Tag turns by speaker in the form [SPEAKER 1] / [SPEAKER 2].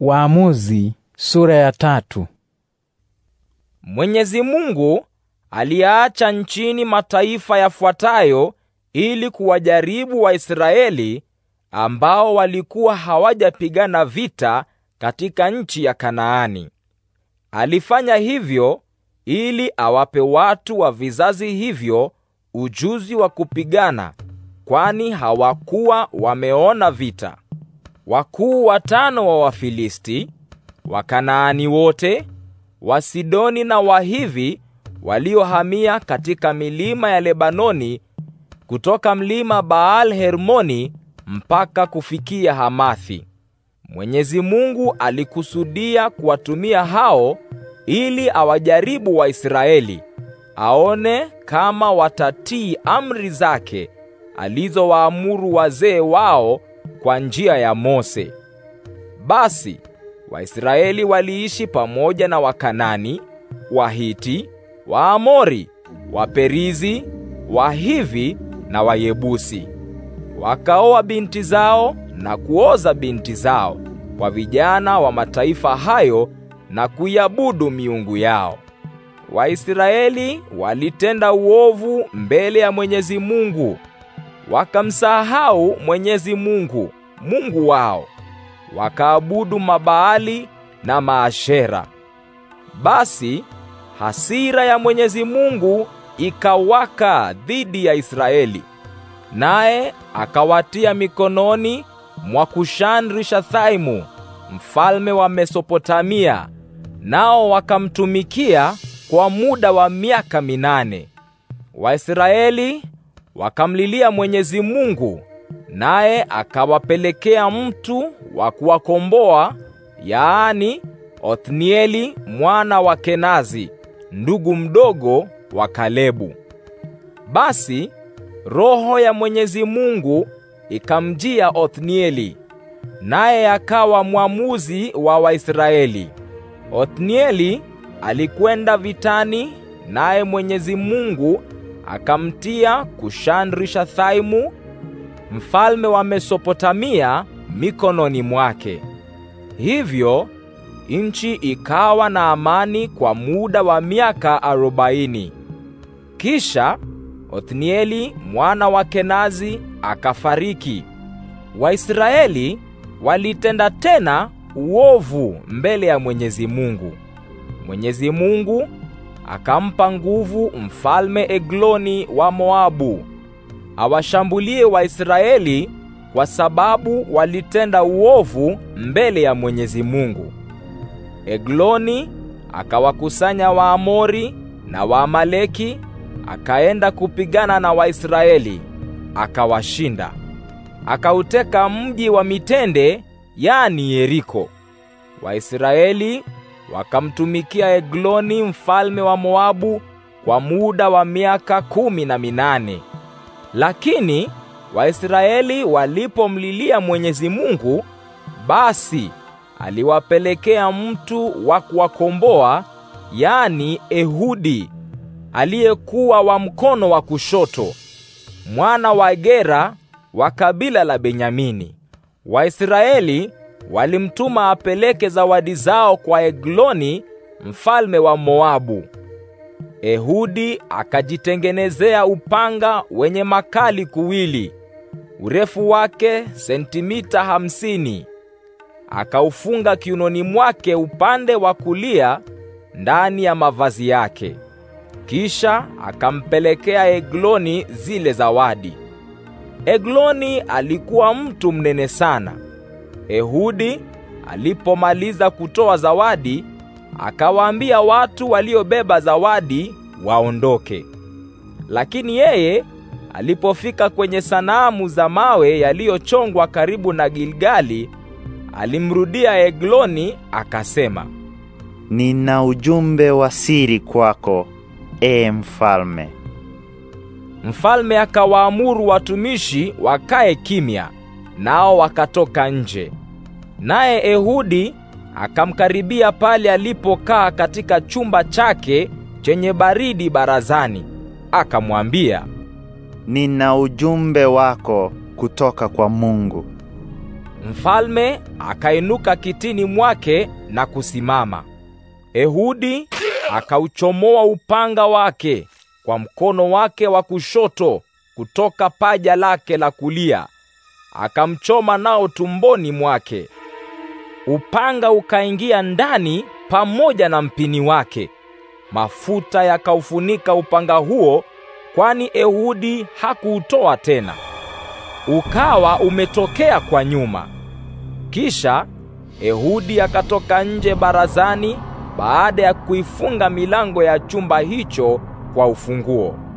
[SPEAKER 1] Waamuzi sura ya tatu. Mwenyezi Mungu aliacha nchini mataifa yafuatayo ili kuwajaribu Waisraeli ambao walikuwa hawajapigana vita katika nchi ya Kanaani. Alifanya hivyo ili awape watu wa vizazi hivyo ujuzi wa kupigana, kwani hawakuwa wameona vita wakuu watano wa Wafilisti, Wakanaani wote, Wasidoni na Wahivi waliohamia katika milima ya Lebanoni kutoka mlima Baal Hermoni mpaka kufikia Hamathi. Mwenyezi Mungu alikusudia kuwatumia hao ili awajaribu Waisraeli, aone kama watatii amri zake alizowaamuru wazee wao kwa njia ya Mose. Basi Waisraeli waliishi pamoja na Wakanani, Wahiti, Waamori, Waperizi, Wahivi na Wayebusi. Wakaoa binti zao na kuoza binti zao kwa vijana wa mataifa hayo na kuiabudu miungu yao. Waisraeli walitenda uovu mbele ya Mwenyezi Mungu, wakamsahau Mwenyezi Mungu Mungu wao, wakaabudu mabaali na maashera. Basi hasira ya Mwenyezi Mungu ikawaka dhidi ya Israeli, naye akawatia mikononi mwa Kushan Rishathaimu mfalme wa Mesopotamia, nao wakamtumikia kwa muda wa miaka minane. Waisraeli wakamlilia Mwenyezi Mungu naye akawapelekea mtu wa kuwakomboa, yaani Othnieli mwana wa Kenazi, ndugu mdogo wa Kalebu. Basi roho ya Mwenyezi Mungu ikamjia Othnieli, naye akawa mwamuzi wa Waisraeli. Othnieli alikwenda vitani, naye Mwenyezi Mungu akamtia Kushan-Rishathaimu mfalme wa Mesopotamia mikononi mwake. Hivyo nchi ikawa na amani kwa muda wa miaka arobaini. Kisha Othnieli mwana wa Kenazi akafariki. Waisraeli walitenda tena uovu mbele ya Mwenyezi Mungu. Mwenyezi Mungu akampa nguvu mfalme Egloni wa Moabu awashambulie Waisraeli kwa sababu walitenda uovu mbele ya Mwenyezi Mungu. Egloni akawakusanya Waamori na Waamaleki, akaenda kupigana na Waisraeli akawashinda. Akauteka mji wa mitende, yani Yeriko. Waisraeli wakamtumikia Egloni mfalme wa Moabu kwa muda wa miaka kumi na minane. Lakini Waisraeli walipomlilia Mwenyezi Mungu, basi aliwapelekea mtu wa kuwakomboa, yani Ehudi aliyekuwa wa mkono wa kushoto, mwana wa Gera wa kabila la Benyamini. Waisraeli walimtuma apeleke zawadi zao kwa Egloni mfalme wa Moabu. Ehudi akajitengenezea upanga wenye makali kuwili, urefu wake sentimita hamsini. Akaufunga kiunoni mwake upande wa kulia ndani ya mavazi yake. Kisha akampelekea Egloni zile zawadi. Egloni alikuwa mtu mnene sana. Ehudi alipomaliza kutoa zawadi, akawaambia watu waliobeba zawadi waondoke. Lakini yeye alipofika kwenye sanamu za mawe yaliyochongwa karibu na Gilgali, alimrudia Egloni akasema, nina ujumbe wa siri kwako, ee mfalme. Mfalme akawaamuru watumishi wakae kimya, nao wakatoka nje. Naye Ehudi akamkaribia pale alipokaa katika chumba chake chenye baridi barazani, akamwambia, nina ujumbe wako kutoka kwa Mungu. Mfalme akainuka kitini mwake na kusimama. Ehudi akauchomoa upanga wake kwa mkono wake wa kushoto kutoka paja lake la kulia, akamchoma nao tumboni mwake. Upanga ukaingia ndani pamoja na mpini wake, mafuta yakaufunika upanga huo, kwani Ehudi hakuutoa tena, ukawa umetokea kwa nyuma. Kisha Ehudi akatoka nje barazani baada ya kuifunga milango ya chumba hicho kwa ufunguo.